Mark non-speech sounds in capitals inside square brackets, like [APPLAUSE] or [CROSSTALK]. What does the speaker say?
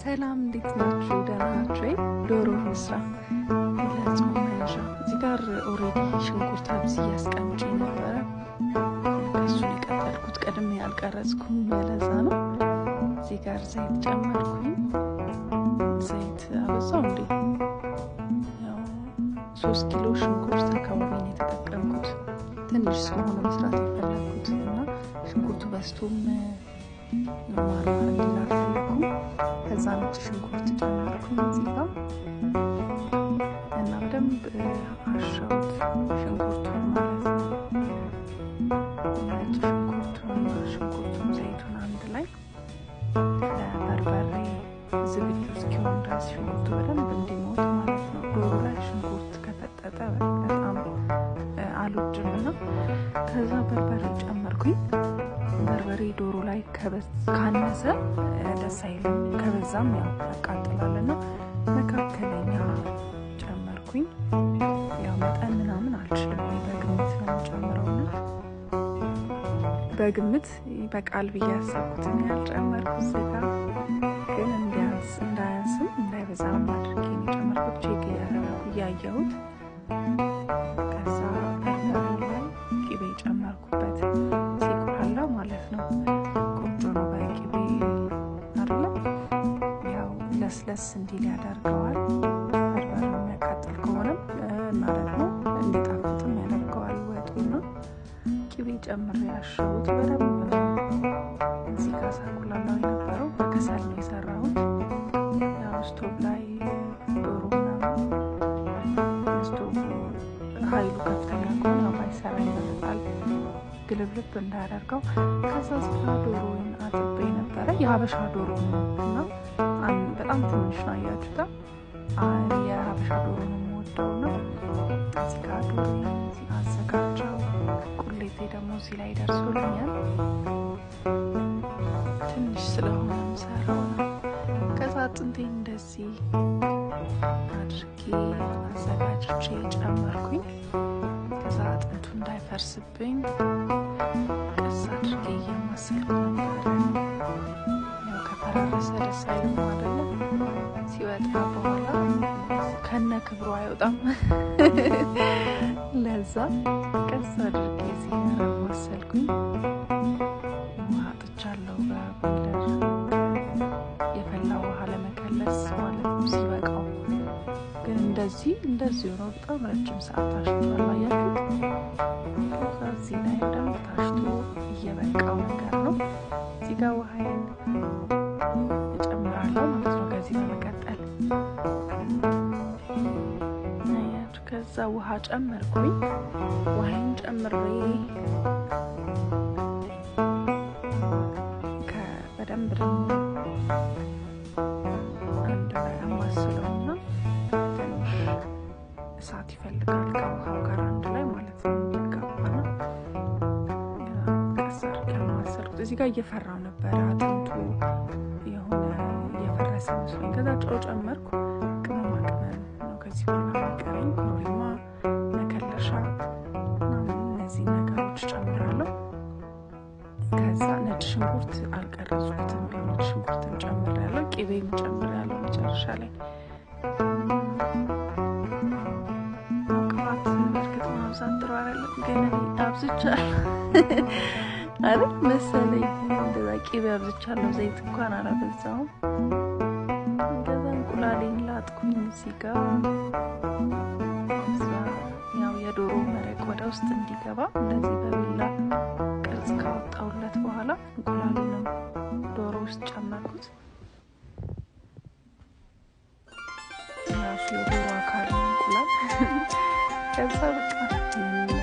ሰላም እንዴት ናችሁ? ደህና ናችሁ? ዶሮ ስራ ሁለት መያዣ እዚህ ጋር ኦሬዲ ሽንኩርት አብዝ እያስቀምጭ ነበረ። ከሱን የቀጠልኩት ቀድሜ ያልቀረጽኩም ያለዛ ነው። እዚህ ጋር ዘይት ጨመርኩኝ። ዘይት አበዛው እንዴ! ሶስት ኪሎ ሽንኩርት አካባቢ የተጠቀምኩት። ትንሽ ስለሆነ መስራት የፈለግኩት እና ሽንኩርቱ በስቶም ማር እንዲላር ከዛ ነጭ ሽንኩርት ጨመርኩ እዚህ ጋር እና በደንብ አሻውት ሽንኩርቱን ማለት ነው። ነጭ ሽንኩርቱን፣ ሽንኩርቱን፣ ዘይቱን አንድ ላይ በርበሬ ዝግጁ እስኪሆን ድረስ ሽንኩርቱ በደንብ እንዲሞት ማለት ነው። ዶሮ ላይ ሽንኩርት ከፈጠጠ በጣም አልወድም እና ከዛ በርበሬ ጨመርኩኝ። በርበሬ ዶሮ ላይ ካነሰ ደስ አይልም፣ ከበዛም ያው ያቃጥላል እና መካከለኛ ጨመርኩኝ። ያው መጠን ምናምን አልችልም፣ በግምት ነው ጨምረው እና በግምት በቃል ብዬ ያሰብኩትን ያልጨመርኩ ስጋ ግን እንዳያንስም እንዳይበዛም አድርጌ ነው የጨመርኩት። ቼክ እያየሁት ደስ እንዲል ያደርገዋል። በርበሬ የሚያቃጥል ከሆነም እና ደግሞ እንዲጣፍጥም ያደርገዋል። ወጡ ወጡና ቂቤ ጨምሬ ያሸሁት በደንብ ነው። እዚህ ጋር ሳቁላላው የነበረው በከሰል ነው የሰራሁት ያው ስቶቭ ላይ ግልብልብ እንዳያደርገው። ከዛ ስፍራ ዶሮውን አጥቤ ነበረ። የሀበሻ ዶሮ ነው እና በጣም ትንሽ ነው አያችሁታ። የሀበሻ ዶሮ ነው የምወደው ነው። እዚህ ዶሮ አዘጋጀው። ቁሌቴ ደግሞ እዚህ ላይ ደርሶልኛል። ትንሽ ስለሆነ ምሰራው ነው። ከዛ አጥንቴን እንደዚህ አድርጌ አዘጋጅቼ ጨመርኩኝ። ሲፈርስብኝ ቀስ አድርጌ እያማሰልኩ ነበረ። ያው ከፈራረሰ ደስ አይልም አይደለ? ሲወጣ በኋላ ከነ ክብሩ አይወጣም። ለዛ ቀስ አድርጌ ዜና ማሰልኩኝ። ውሃ አጥቻለሁ በባለር የፈላ ውሃ ለመቀለስ ማለት ሲበቃው እንደዚህ እንደዚህ ሆኖ በጣም ረጅም ሰዓት አሽቷል። አያችሁት? እዚህ ላይ ደግሞ ታሽቶ እየበቃው ነገር ነው። እዚህ ጋር ውሃይን እጨምራለሁ ማለት ነው። ከዚህ በመቀጠል አያችሁ፣ ከዛ ውሃ ጨመርኩኝ። ውሃይን ጨምሬ በደንብ ደግሞ አንድ ላይ አማስለው መውጣት ይፈልጋል ከውሃው ጋር አንድ ላይ ማለት ነው። ጋባና እዚህ ጋር እየፈራው ነበረ። አጥንቱ የሆነ እየፈረሰ መስሎኝ፣ ከዛ ጨው ጨመርኩ። ቅመማ ቅመም ነው ከዚህ በኋላ መከለሻ እነዚህ ነገሮች ጨምራለሁ። ከዛ ነጭ ሽንኩርት አልቀረጽኩትም። ነጭ ሽንኩርትን ጨምር ያለው፣ ቅቤም ጨምር ያለው መጨረሻ ላይ መሰለኝ አብዝቻለሁ [LAUGHS] አይደል መሰለኝ እንደዛ ቂቤ አብዝቻለሁ። ዘይት እንኳን አላበዛውም። እንደዛ እንቁላሌን ላጥኩኝ እዚህ ጋር ያው የዶሮ መረቅ ወደ ውስጥ እንዲገባ እንደዚህ በሚላ ቅርጽ ካወጣውለት በኋላ እንቁላሉንም ዶሮ ውስጥ ጨመርኩት። ራሱ የዶሮ አካል እንቁላል [LAUGHS] ከዛ በቃ